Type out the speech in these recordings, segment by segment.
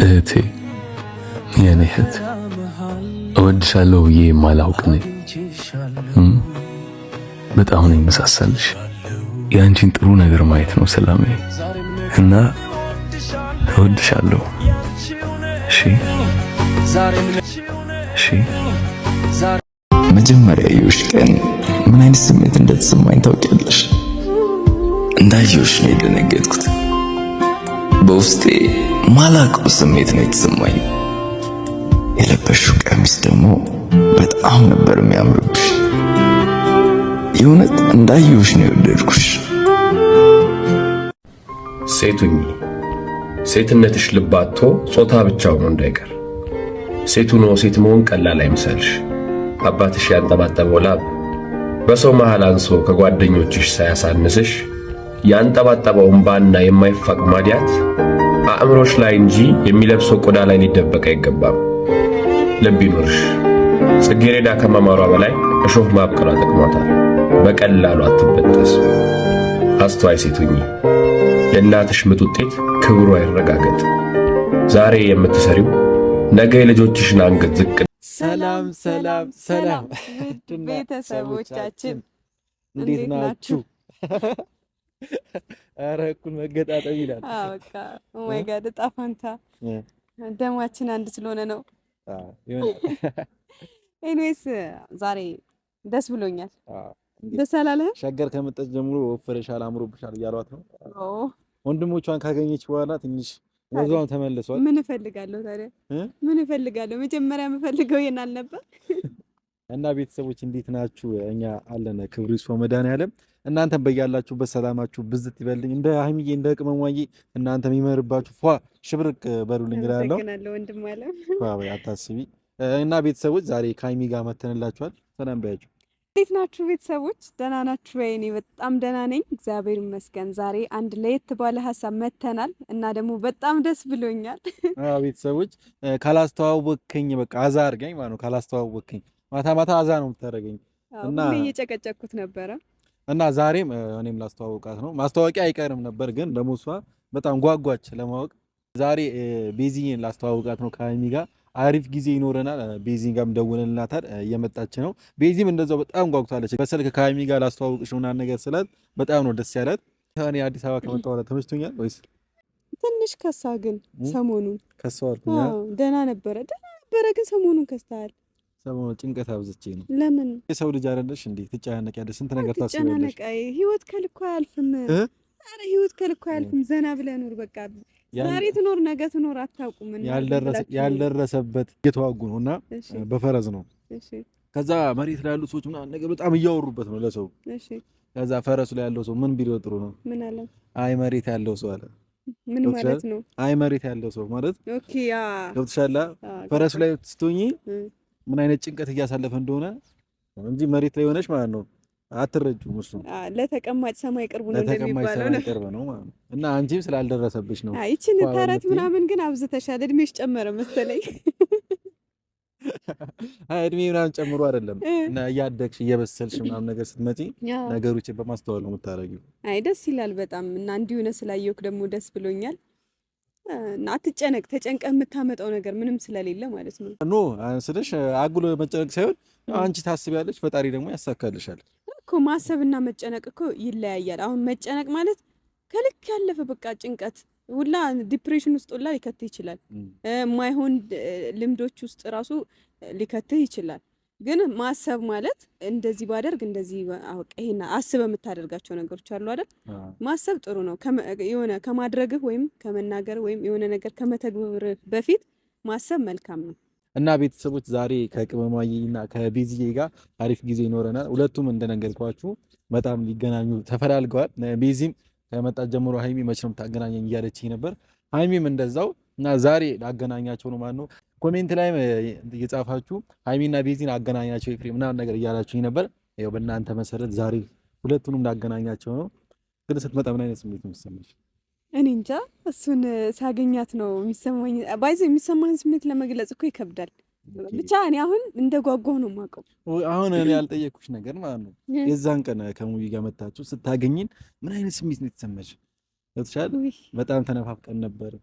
እህቴ የኔ እህት እወድሻለሁ ብዬ የማላውቅ ነኝ። በጣም ነው የመሳሰልሽ። የአንቺን ጥሩ ነገር ማየት ነው ሰላም እና እወድሻለሁ። እሺ፣ እሺ። መጀመሪያ ያየሁሽ ቀን ምን አይነት ስሜት እንደተሰማኝ ታውቂያለሽ? እንዳየውሽ ነው የደነገጥኩት በውስጤ ማላቀው ስሜት ነው የተሰማኝ። የለበሽው ቀሚስ ደግሞ በጣም ነበር የሚያምርብሽ። የእውነት እንዳየሁሽ ነው የወደድኩሽ። ሴቱኝ ሴትነትሽ ልባቶ ጾታ ብቻው ነው እንዳይቀር ሴቱ ነው። ሴት መሆን ቀላል አይምሰልሽ። አባትሽ ያንጠባጠበው ላብ በሰው መሃል አንሶ ከጓደኞችሽ ሳያሳንስሽ ያንጠባጠበውን ባና የማይፋቅ ማዲያት አእምሮሽ ላይ እንጂ የሚለብሰው ቆዳ ላይ ሊደበቅ አይገባም። ልብ ይኖርሽ! ጽጌሬዳ ከማማሯ በላይ እሾህ ማብቀሏ ጠቅሟታል። በቀላሉ አትበጠስ። አስተዋይ ሴቱኝ የእናትሽ ምጥ ውጤት ክብሩ አይረጋገጥ። ዛሬ የምትሰሪው ነገ የልጆችሽን አንገት ዝቅ። ሰላም ሰላም ሰላም ቤተሰቦቻችን እንዴት ናችሁ? አረ እኩል መገጣጠም ይላል። አዎ በቃ ኦ ማይ ጋድ ዕጣ ፋንታ ደማችን አንድ ስለሆነ ነው። ኤኒዌይስ ዛሬ ደስ ብሎኛል። ደስ አላለህም? ሸገር ከመጣች ጀምሮ ወፍረሻል፣ አምሮብሻል እያሏት ነው። ወንድሞቿን ካገኘች በኋላ ትንሽ ወዛውን ተመልሷል። ምን እፈልጋለሁ ታዲያ? ምን እፈልጋለሁ? መጀመሪያ የምፈልገው ይሄን አልነበር እና ቤተሰቦች እንዴት ናችሁ? እኛ አለን። ክብሩ ይስፋ መድኃኒዓለም እናንተም በያላችሁበት ሰላማችሁ ብዝት ይበልኝ። እንደ ሀይሚዬ እንደ ቅመሟዬ እናንተ የሚመርባችሁ ፏ ሽብርቅ በሉልኝ እላለሁ። አታስቢ እና ቤተሰቦች ዛሬ ከሀይሚ ጋር መተንላችኋል። ሰላም በያችሁ። እንዴት ናችሁ ቤተሰቦች? ደህና ናችሁ ወይ? እኔ በጣም ደህና ነኝ፣ እግዚአብሔር ይመስገን። ዛሬ አንድ ለየት ባለ ሀሳብ መተናል እና ደግሞ በጣም ደስ ብሎኛል። ቤተሰቦች ካላስተዋወቅኝ በቃ አዛ አድርገኝ ማለት ነው። ካላስተዋወቅኝ ማታ ማታ አዛ ነው የምታደርገኝ እና እየጨቀጨኩት ነበረ እና ዛሬም እኔም ላስተዋውቃት ነው። ማስተዋወቂያ አይቀርም ነበር፣ ግን ደግሞ እሷ በጣም ጓጓች ለማወቅ። ዛሬ ቤዚን ላስተዋውቃት ነው ከሀይሚ ጋር አሪፍ ጊዜ ይኖረናል። ቤዚን ጋርም ደውለንላታል፣ እየመጣች ነው። ቤዚም እንደዛው በጣም ጓጉታለች። በስልክ ከሀይሚ ጋር ላስተዋውቅሽ ምናምን ነገር ስላት በጣም ነው ደስ ያላት። እኔ አዲስ አበባ ከመጣሁ በኋላ ተመችቶኛል ወይስ ትንሽ ከሳ? ግን ሰሞኑን ከሰዋል። ደህና ነበረ፣ ደህና ነበረ፣ ግን ሰሞኑን ከስተሃል ጭንቀት አብዝቼ ነው። ለምን የሰው ልጅ አይደለሽ እንዴ? ትጨናነቅ ያለ ስንት ነገር ታስቢያለሽ። ህይወት ከልኮ አያልፍም። አረ ህይወት ከልኮ አያልፍም። ዘና ብለህ ኑር በቃ። ዛሬ ትኖር ነገ ትኖር አታውቁም። ያልደረሰበት እየተዋጉ ነው እና በፈረዝ ነው። ከዛ መሬት ላይ ያሉ ሰዎች ምናምን ነገር በጣም እያወሩበት ነው ለሰው። ከዛ ፈረሱ ላይ ያለው ሰው ምን ቢለው ጥሩ ነው? ምን አለ? አይ መሬት ያለው ሰው አለ ምን ማለት ነው? አይ መሬት ያለው ሰው ማለት ኦኬ። ያ ገብቶሻል። ፈረሱ ላይ ስትሆኚ ምን አይነት ጭንቀት እያሳለፈ እንደሆነ እንጂ መሬት ላይ ሆነች ማለት ነው አትረጁም። እሱ ለተቀማጭ ሰማይ ቅርቡ ነው እንደሚባለው ነው ለተቀማጭ ነው ነው። ማለት እና አንቺም ስላልደረሰብሽ ነው። ይችን ተረት ምናምን ግን አብዝተሻል። እድሜሽ ጨመረ መሰለኝ። እድሜ ምናምን ጨምሮ አይደለም እና እያደግሽ እየበሰልሽ ምናምን ነገር ስትመጪ ነገሮችን በማስተዋል ነው የምታደርጊው። አይ ደስ ይላል በጣም እና እንዲሁ ነው ስላየሁክ ደግሞ ደስ ብሎኛል። እና አትጨነቅ። ተጨንቀ የምታመጣው ነገር ምንም ስለሌለ ማለት ነው። ኖ ስልሽ አጉል መጨነቅ ሳይሆን አንቺ ታስቢያለሽ፣ ፈጣሪ ደግሞ ያሳካልሻል እኮ። ማሰብና መጨነቅ እኮ ይለያያል። አሁን መጨነቅ ማለት ከልክ ያለፈ በቃ ጭንቀት ሁላ ዲፕሬሽን ውስጥ ሁላ ሊከትህ ይችላል። የማይሆን ልምዶች ውስጥ ራሱ ሊከትህ ይችላል። ግን ማሰብ ማለት እንደዚህ ባደርግ እንደዚህ ይሄና አስበ የምታደርጋቸው ነገሮች አሉ አይደል? ማሰብ ጥሩ ነው። የሆነ ከማድረግህ ወይም ከመናገር ወይም የሆነ ነገር ከመተግበርህ በፊት ማሰብ መልካም ነው። እና ቤተሰቦች ዛሬ ከቅመማዬና እና ከቤዝዬ ጋር አሪፍ ጊዜ ይኖረናል። ሁለቱም እንደነገርኳችሁ በጣም ሊገናኙ ተፈላልገዋል። ቤዚም ከመጣ ጀምሮ ሀይሚ መች ነው የምታገናኘኝ እያለችኝ ነበር። ሀይሚም እንደዛው እና ዛሬ ላገናኛቸው ነው ማለት ነው። ኮሜንት ላይ እየጻፋችሁ ሀይሚና ቤዚን አገናኛቸው ፍሬ ምናምን ነገር እያላችሁ ነበር። ያው በእናንተ መሰረት ዛሬ ሁለቱንም እንዳገናኛቸው ነው። ግን ስትመጣ ምን አይነት ስሜት ነው የሚሰማሽ? እኔ እንጃ፣ እሱን ሳገኛት ነው የሚሰማኝ። ባይዞ የሚሰማህን ስሜት ለመግለጽ እኮ ይከብዳል። ብቻ እኔ አሁን እንደ ጓጓሁ ነው የማውቀው። አሁን እኔ ያልጠየቅኩሽ ነገር ማለት ነው የዛን ቀን ከሙቪ ጋር መታችሁ ስታገኝን ምን አይነት ስሜት ነው የተሰማሽ? በጣም ተነፋፍቀን ነበር።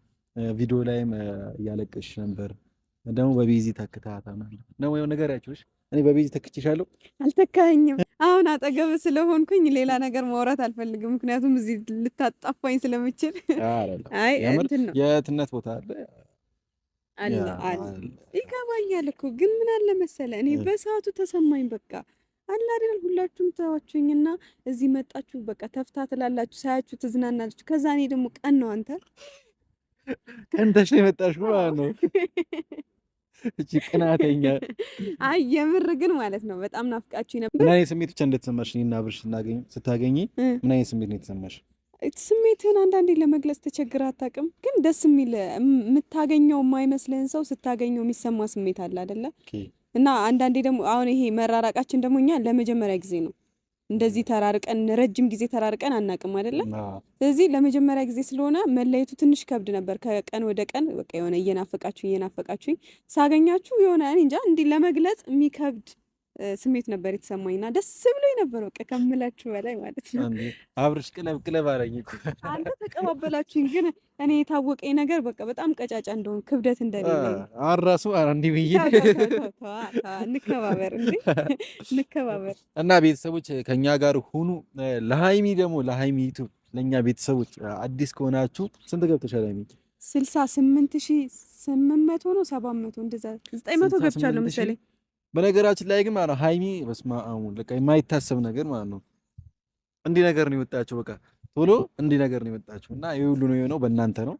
ቪዲዮ ላይም እያለቀሽ ነበር ደግሞ በቤዚ ተክታታ ነው ወይ ነገራችሁ? እሺ እኔ በቤዚ ተክቼሻለሁ። አልተካኝም። አሁን አጠገብ ስለሆንኩኝ ሌላ ነገር ማውራት አልፈልግም፣ ምክንያቱም እዚህ ልታጣፋኝ ስለምችል። አይ እንትን የትነት ቦታ አለ አለ አለ። ይገባኛል እኮ ግን ምን አለ መሰለ እኔ በሰዓቱ ተሰማኝ። በቃ አለ አይደል ሁላችሁም ተዋችሁኝና እዚህ መጣችሁ። በቃ ተፍታ ትላላችሁ፣ ሳያችሁ ትዝናናላችሁ። ከዛ እኔ ደግሞ ቀን ነው አንተ ቀንተሽ ነው የመጣሽ ማለት ነው። እቺ ቅናተኛ። አይ የምር ግን ማለት ነው በጣም ናፍቃችሁ ነበር። ምን አይነት ስሜት ብቻ እንደተሰማሽ እኔና አብርሽ ስናገኝ ስታገኝ ምን አይነት ስሜት ነው የተሰማሽ? ስሜትህን አንዳንዴ ለመግለጽ ተቸግር አታውቅም። ግን ደስ የሚል የምታገኘው የማይመስልህን ሰው ስታገኘው የሚሰማ ስሜት አለ አይደለ? እና አንዳንዴ ደግሞ አሁን ይሄ መራራቃችን ደግሞ እኛ ለመጀመሪያ ጊዜ ነው እንደዚህ ተራርቀን ረጅም ጊዜ ተራርቀን አናቅም አይደለም። ስለዚህ ለመጀመሪያ ጊዜ ስለሆነ መለየቱ ትንሽ ከብድ ነበር። ከቀን ወደ ቀን በቃ የሆነ እየናፈቃችሁ እየናፈቃችሁኝ ሳገኛችሁ የሆነ እንጃ እንዲህ ለመግለጽ የሚከብድ ስሜት ነበር የተሰማኝ እና ደስ ብሎ ነበር። በቃ ከምላችሁ በላይ ማለት ነው። አብርሽ ቅለብ ቅለብ አረኝ አንተ ተቀባበላችሁኝ። ግን እኔ የታወቀኝ ነገር በቃ በጣም ቀጫጫ እንደሆን ክብደት እንደሌለ አራሱ አንዲ ብዬ እንከባበር እንዴ እንከባበር እና ቤተሰቦች ከእኛ ጋር ሁኑ። ለሀይሚ ደግሞ ለሀይሚ ዩቱብ ለእኛ ቤተሰቦች አዲስ ከሆናችሁ ስንት ገብተሻል ሀይሚ? ስልሳ ስምንት ሺህ ስምንት መቶ ነው ሰባት መቶ እንደዛ ዘጠኝ መቶ ገብቻለሁ መሰለኝ በነገራችን ላይ ግን ማለት ሃይሚ በስማ አሙን በቃ የማይታሰብ ነገር ማለት ነው። እንዲህ ነገር ነው የወጣቸው። በቃ ቶሎ እንዲህ ነገር ነው የወጣቸው እና ይሄ ሁሉ ነው የሆነው በእናንተ ነው።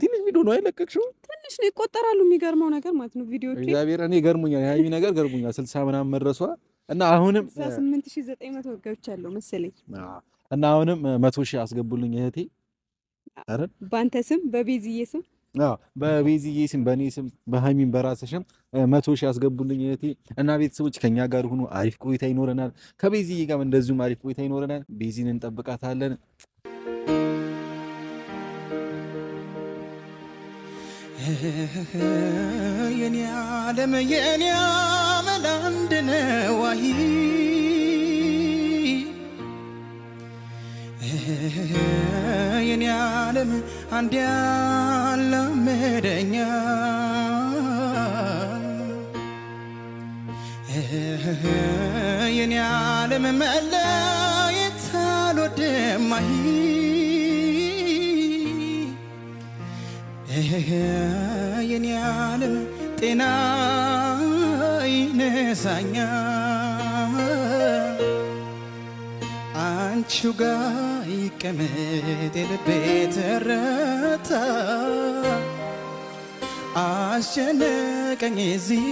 ትንሽ ቪዲዮ ነው አይለቀቅሽው፣ ትንሽ ነው ይቆጠራሉ። የሚገርመው ነገር ማለት ነው ቪዲዮዎቹ እግዚአብሔር እኔ ገርሙኛል። ሃይሚ ነገር ገርሙኛል። ስልሳ ምናምን መድረሷ እና አሁንም ስምንት ዘጠኝ 88900 ገብቻለሁ መሰለኝ እና አሁንም መቶ ሺህ አስገቡልኝ እህቴ፣ አረ ባንተ ስም በቤዝዬ ስም በቤዚዬ ስም በእኔ ስም በሀይሚን በራስሽም መቶ ሺህ ያስገቡልኝ እህቴ እና ቤተሰቦች ከኛ ጋር ሆኖ አሪፍ ቆይታ ይኖረናል። ከቤዚዬ ጋር እንደዚሁም አሪፍ ቆይታ ይኖረናል። ቤዚን እንጠብቃታለን። የኔ ዓለም የኔ አመል አንድ ነው። የኔ ዓለም አንድ ያለመደኛ የኔ ዓለም መለየት አልወድም የኔ ዓለም ጤና አንቺው ጋር መቀመጥ የልቤ ተረታ አስጨነቀኝ እዚህ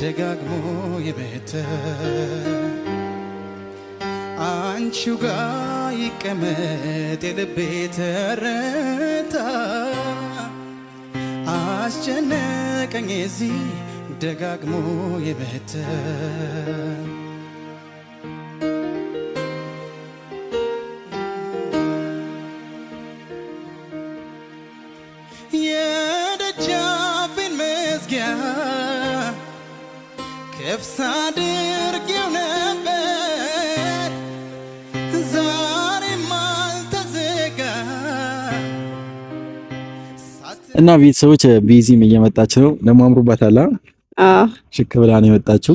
ደጋግሞ የበተ አንቺው ጋ ይቀመጥ የልቤ ተረታ አስጨነቀኝ እዚህ ደጋግሞ የበተ እና ቤተሰቦች ቤዚም እየመጣች ነው። ደግሞ አምሮባታል። አዎ ሽክ ብላ ነው የመጣችው።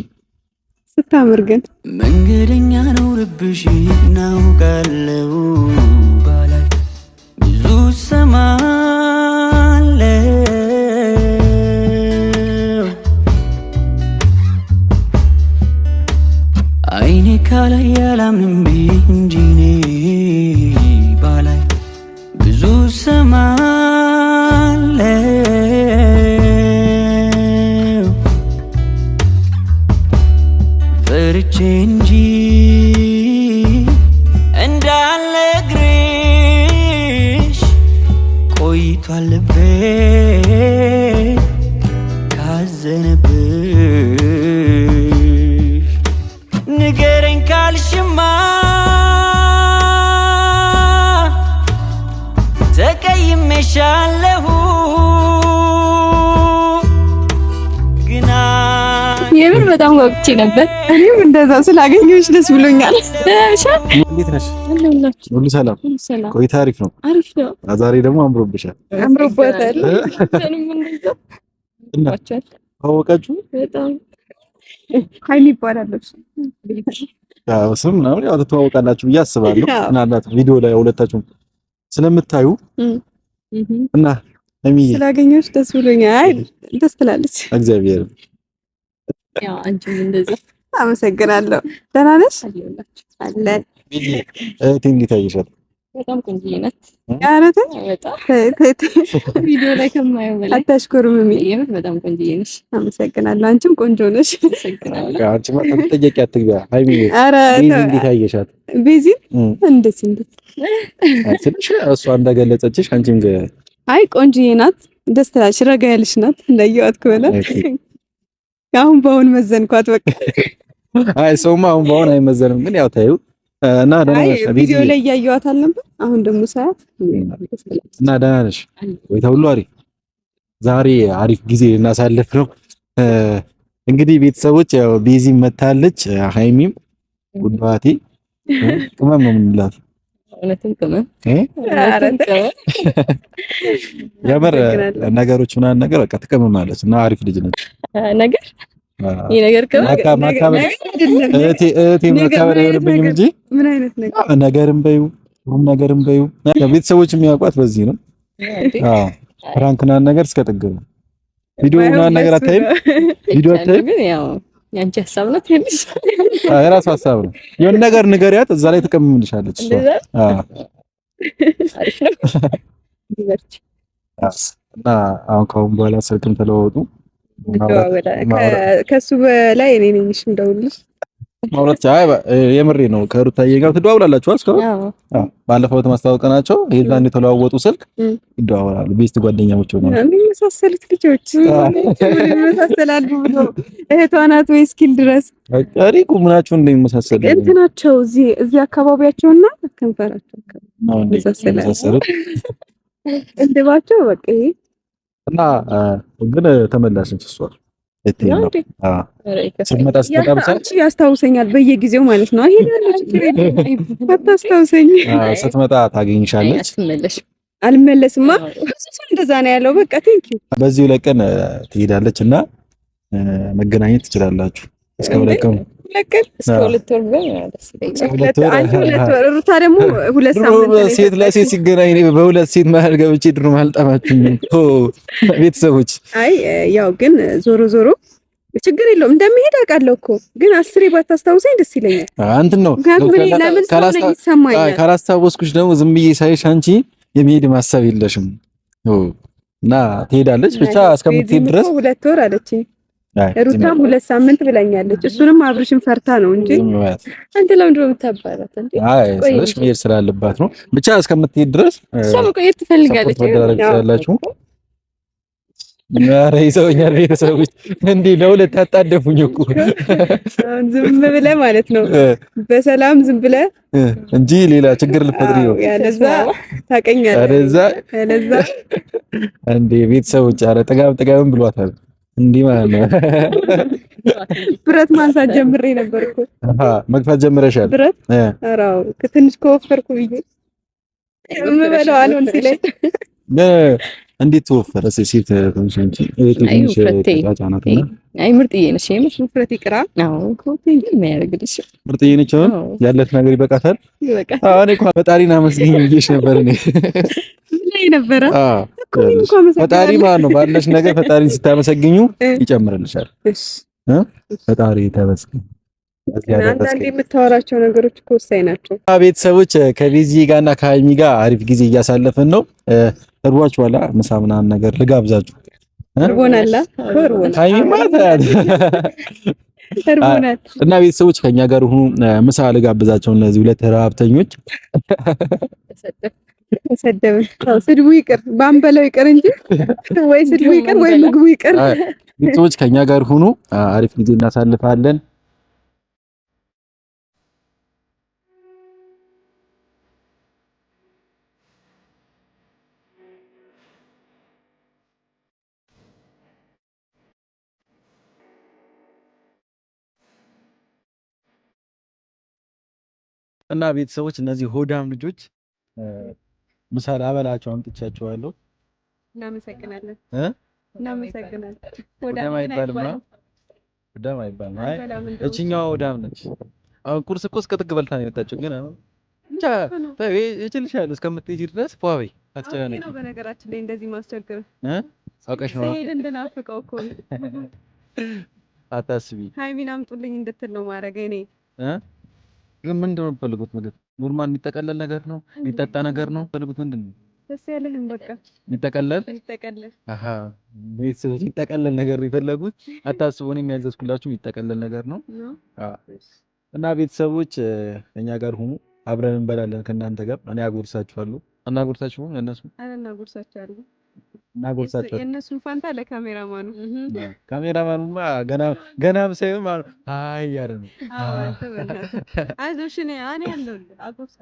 ስታምር ግን መንገደኛ ነው ልብሽ እናውቃለው። ባላይ ብዙ ሰማለ አይኔ ካላይ ያላምንም እሻለሁ የምር በጣም ጓጉቼ ነበር። እኔም እንደዛ ስላገኘሁሽ ደስ ብሎኛል። እንዴት ነሽ? ሁሉ ሰላም? ቆይታ አሪፍ ነው። ዛሬ ደግሞ አምሮብሻል። አምሮባታል። ስም ምናምን ያው ትተዋወቃላችሁ ብዬ አስባለሁ። ምናልባት ቪዲዮ ላይ ሁለታችሁም ስለምታዩ እና ስላገኘሁሽ ደስ ብሎኛል። ደስ ትላለች። እግዚአብሔር ያው አንቺም እንደዚህ አመሰግናለሁ። ደህና ነሽ? አለን እህቴ እንዴት አየሻት? በጣም ቆንጆዬ ናት። ኧረ ተይ ቪዲዮ ላይ ከማየው በላይ አታሽኮርምም። በጣም ቆንጆዬ ነሽ። አመሰግናለሁ። አንቺም ቆንጆ ነሽ። አመሰግናለሁ። አንቺማ ተጠያቂ አትግቢያ። አይ ቢዬ እንዴት አየሻት? ቤዚን እንደት እንዴት አትልሽ? እሷ እንደገለጸችሽ አንቺም አይ ቆንጆዬ ናት። ደስ ትላለች። ረጋ ያለች ናት። እንዳየኋት ከሆነ አሁን በአሁን መዘንኳት። በቃ አይ ሰውማ አሁን በአሁን አይመዘንም፣ ግን ያው ታዩ እና ደህና ነሽ? ቪዲዮ ላይ እያየኋት አልነበር? አሁን ደግሞ ሰዓት እና ደህና ነሽ ወይ? ተውሉ አሪፍ። ዛሬ አሪፍ ጊዜ እናሳልፍ ነው። እንግዲህ ቤተሰቦች ያው ቢዚ መታለች፣ ሃይሚም ጉዳቴ ቅመም ነው የምንላት። የምር ነገሮች ምናምን ነገር በቃ ትቀመማለች እና አሪፍ ልጅ ነች ነገር ይሄ ነገር ነገርም በይው ሁሉም ነገርም በይው ቤተሰቦች የሚያውቋት በዚህ ነው። ፍራንክ ናን ነገር እስከ ጥግ ነው። ቪዲዮ ናን ነገር አታይም። ቪዲዮ አታይም። ያንቺ ሀሳብ ነው። የራሱ ሀሳብ ነው። የሆነ ነገር ንገሪያት፣ እዛ ላይ ትቀምምልሻለች። አዎ አሁን ከአሁን በኋላ ስልክም ተለዋወጡ። ከሱ በላይ እኔ ነኝ። እሺ እንደውልሽ ማውራት አይ የምሬ ነው። ከሩታዬ ጋር ትደዋውላላችሁ እስካሁን? አዎ ባለፈው በማስተዋወቅ ናቸው ይዛን የተለዋወጡ ስልክ ይደዋወላሉ። ቤስት ጓደኛሞች ሆነው ነው የሚመሳሰሉት ልጆች ይመሳሰላሉ ብሎ እህቷ ናት ወይ ስኪል ድረስ አሪ ቁምናቸው እንደሚመሳሰሉ እንትናቸው እዚህ እዚህ አካባቢያቸውና ከንፈራቸው ነው እንደባቸው በቃ ይሄ እና ግን ተመላሽን ፍሷል ስትመጣ ያስታውሰኛል በየጊዜው ማለት ነው። አታስታውሰኝ ስትመጣ ታገኝሻለች። አልመለስማ እንደዛ ነው ያለው። በቃ ቴንኪው። በዚህ ሁለት ቀን ትሄዳለች እና መገናኘት ትችላላችሁ እስከ ሁለት ሴት ለሴት ሲገናኝ በሁለት ሴት መሀል ገብቼ ቤተሰቦች። አይ ያው ግን ዞሮ ዞሮ ችግር የለውም እንደሚሄድ አውቃለሁ እኮ ግን አስሬ ባታስታውሰኝ ደስ ይለኛል። አንተን ነው ካላስታወስኩሽ ደግሞ ዝም ብዬ ሳይሽ አንቺ የሚሄድ ማሰብ የለሽም እና ትሄዳለች ብቻ እስከምትሄድ ድረስ ሁለት ወር አለችኝ። ሩታም ሁለት ሳምንት ብላኛለች። እሱንም አብርሽን ፈርታ ነው እንጂ አንተ ለምን ድሮ የምታባላት እንዴ? አይ መሄድ ስላለባት ነው። ብቻ እስከምትሄድ ድረስ ሰው ትፈልጋለች። ያላችሁ ኧረ ይዘውኛል ቤተሰቦች። እንዲህ ለሁለት አጣደፉኝ እኮ ዝም ብለህ ማለት ነው። በሰላም ዝም ብለህ እንጂ ሌላ ችግር ልፈጥሪ ነው። ያለዛ ታቀኛለህ። ያለዛ ያለዛ እንዴ ቤተሰቦች፣ ኧረ ጥጋብ ጥጋብን ብሏታል። እንዲህ ማለት ነው። ብረት ማንሳት ጀምሬ ነበርኩ። መግፋት ጀምረሻል። ብረት አራው ትንሽ ከወፈርኩ ብዬ የምበለው አልሆን ሲለኝ እንዴት ተወፈረ? ሴት ትንሽ እንጂ ትንሽ ታጫናት ምርጥዬ ነሽ። ውፍረት ይቅራ። አዎ የሚያደርግልሽ ምርጥዬ ነች። አሁን ያለት ነገር ይበቃታል። አዎ እኔ እንኳን ፈጣሪን አመስግኝ ብዬሽ ነበር እኔ ነበረ። ፈጣሪ ማን ነው ባለሽ ነገር ፈጣሪን ስታመሰግኙ ይጨምርልሻል። ፈጣሪ ተመስገን። አንዳንድ የምታወራቸው ነገሮች እኮ ወሳኝ ናቸው። ቤተሰቦች ከቤዚ ጋርና ከሀይሚ ጋር አሪፍ ጊዜ እያሳለፍን ነው። እርቧችኋላ ምሳ ምናምን ነገር ልጋብዛችሁ። እርቦናል እና ቤተሰቦች ከኛ ጋር ሁኑ። ምሳ ልጋብዛቸው እነዚህ ሁለት ረሀብተኞች ተሰደብን። ስድቡ ይቅር ባንበለው ይቅር እንጂ ወይ ስድቡ ይቅር ወይ ምግቡ ይቅር። ግብጾች ከኛ ጋር ሁኑ። አሪፍ ጊዜ እናሳልፋለን። እና ቤተሰቦች እነዚህ ሆዳም ልጆች ምሳ አበላቸው አምጥቻቸዋለሁ። እናመሰግናለን ወዳም አይባልም አይ እችኛዋ ወዳም ነች። አሁን ቁርስ እኮ እስከ በልታ ነው የመጣችው። ግን አሁን እችልሻለሁ እስከምትሄጂ ድረስ ፏ አትጨናነቂ። በነገራችን ላይ እንደዚህ ማስቸገር ነው ስሄድ እንድናፍቀው እኮ አታስቢ። ሀይሚን አምጡልኝ እንድትል ነው ማድረግ እኔ ግን ምንድን ነው የምትፈልጉት ምግብ ኖርማል የሚጠቀለል ነገር ነው የሚጠጣ ነገር ነው ፈልጉት ምንድን ነው ቤተሰቦች የሚጠቀለል ነገር የፈለጉት አታስቡ እኔም ያዘዝኩላችሁ የሚጠቀለል ነገር ነው እና ቤተሰቦች እኛ ጋር ሁኑ አብረን እንበላለን ከእናንተ ጋር እኔ አጎርሳችኋለሁ አናጎርሳችሁ እነሱ አናጎርሳችኋለሁ እና ጎሳቸው የእነሱን ፋንታ ለካሜራማኑ ካሜራማኑማ ገና ገናም ሳይሆን ማለት አይ ያረ ነው። አይዞሽ እኔ አለሁልህ አጎብሳ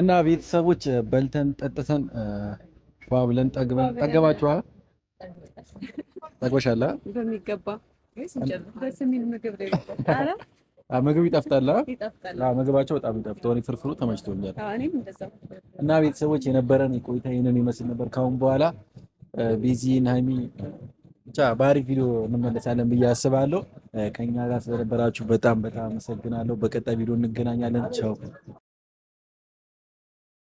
እና ቤተሰቦች በልተን ጠጥተን ፏ ብለን ጠግበን ጠገባችኋል? ጠግበሻል? በሚገባ ምግብ ይጠፍጣል። ምግባቸው በጣም ይጠፍጥ። ፍርፍሩ ተመችቶኛል። እና ቤተሰቦች የነበረን ቆይታ ይህንን ይመስል ነበር። ካሁን በኋላ ቢዚ ናሚ ብቻ በአሪፍ ቪዲዮ እንመለሳለን ብዬ አስባለሁ። ከኛ ጋር ስለነበራችሁ በጣም በጣም አመሰግናለሁ። በቀጣይ ቪዲዮ እንገናኛለን። ቻው